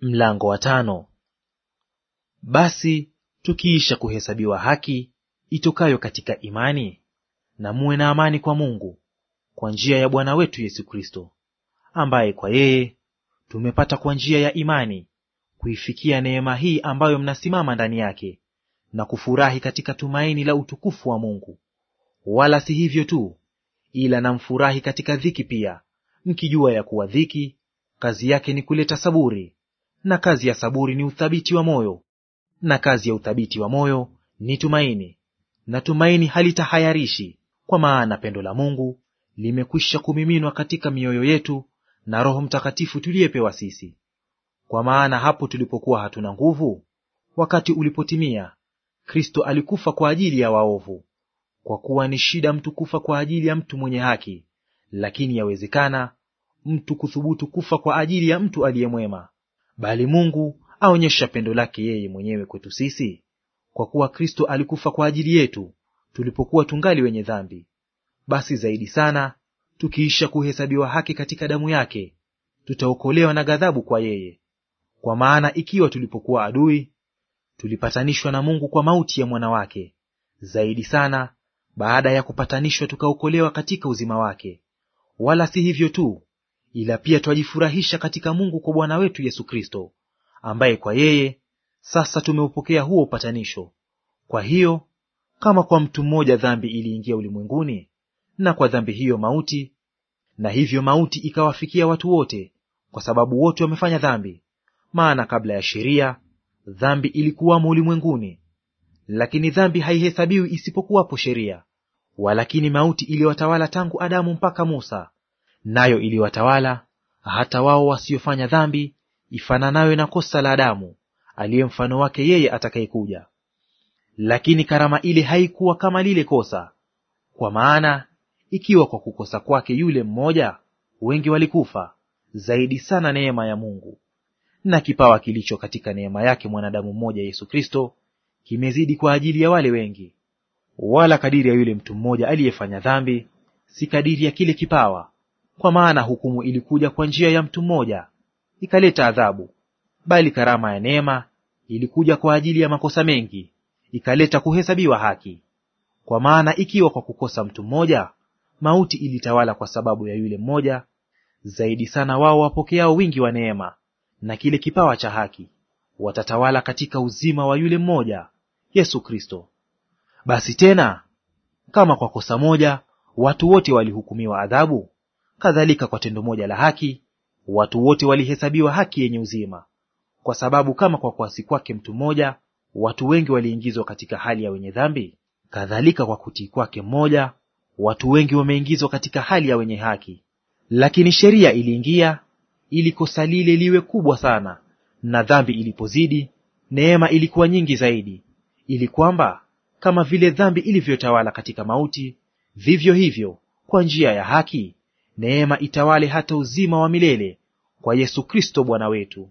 Mlango wa tano. Basi tukiisha kuhesabiwa haki itokayo katika imani, na muwe na amani kwa Mungu kwa njia ya Bwana wetu Yesu Kristo, ambaye kwa yeye tumepata kwa njia ya imani kuifikia neema hii ambayo mnasimama ndani yake, na kufurahi katika tumaini la utukufu wa Mungu. Wala si hivyo tu, ila namfurahi katika dhiki pia, mkijua ya kuwa dhiki kazi yake ni kuleta saburi na kazi ya saburi ni uthabiti wa moyo, na kazi ya uthabiti wa moyo ni tumaini. Na tumaini halitahayarishi, kwa maana pendo la Mungu limekwisha kumiminwa katika mioyo yetu na Roho Mtakatifu tuliyepewa sisi. Kwa maana hapo tulipokuwa hatuna nguvu, wakati ulipotimia, Kristo alikufa kwa ajili ya waovu. Kwa kuwa ni shida mtu kufa kwa ajili ya mtu mwenye haki, lakini yawezekana mtu kuthubutu kufa kwa ajili ya mtu aliyemwema. Bali Mungu aonyesha pendo lake yeye mwenyewe kwetu sisi, kwa kuwa Kristo alikufa kwa ajili yetu tulipokuwa tungali wenye dhambi. Basi zaidi sana, tukiisha kuhesabiwa haki katika damu yake, tutaokolewa na ghadhabu kwa yeye. Kwa maana ikiwa tulipokuwa adui, tulipatanishwa na Mungu kwa mauti ya mwana wake, zaidi sana baada ya kupatanishwa tukaokolewa katika uzima wake. Wala si hivyo tu, ila pia twajifurahisha katika Mungu kwa Bwana wetu Yesu Kristo, ambaye kwa yeye sasa tumeupokea huo upatanisho. Kwa hiyo kama kwa mtu mmoja dhambi iliingia ulimwenguni, na kwa dhambi hiyo mauti, na hivyo mauti ikawafikia watu wote, kwa sababu wote wamefanya dhambi. Maana kabla ya sheria dhambi ilikuwamo ulimwenguni, lakini dhambi haihesabiwi isipokuwapo sheria. Walakini mauti iliwatawala tangu Adamu mpaka Musa, nayo iliwatawala hata wao wasiofanya dhambi ifananayo na kosa la Adamu aliye mfano wake yeye atakayekuja. Lakini karama ile haikuwa kama lile kosa, kwa maana ikiwa kwa kukosa kwake yule mmoja wengi walikufa, zaidi sana neema ya Mungu na kipawa kilicho katika neema yake mwanadamu mmoja Yesu Kristo kimezidi kwa ajili ya wale wengi. Wala kadiri ya yule mtu mmoja aliyefanya dhambi si kadiri ya kile kipawa kwa maana hukumu ilikuja kwa njia ya mtu mmoja, ikaleta adhabu; bali karama ya neema ilikuja kwa ajili ya makosa mengi, ikaleta kuhesabiwa haki. Kwa maana ikiwa kwa kukosa mtu mmoja mauti ilitawala kwa sababu ya yule mmoja, zaidi sana wao wapokeao wingi wa neema na kile kipawa cha haki watatawala katika uzima wa yule mmoja, Yesu Kristo. Basi tena, kama kwa kosa moja watu wote walihukumiwa adhabu, Kadhalika kwa tendo moja la haki watu wote walihesabiwa haki yenye uzima, kwa sababu kama kwa kuasi kwake mtu mmoja watu wengi waliingizwa katika hali ya wenye dhambi, kadhalika kwa kutii kwake mmoja watu wengi wameingizwa katika hali ya wenye haki. Lakini sheria iliingia ili kosa lile liwe kubwa sana, na dhambi ilipozidi neema ilikuwa nyingi zaidi, ili kwamba kama vile dhambi ilivyotawala katika mauti, vivyo hivyo kwa njia ya haki Neema itawale hata uzima wa milele kwa Yesu Kristo Bwana wetu.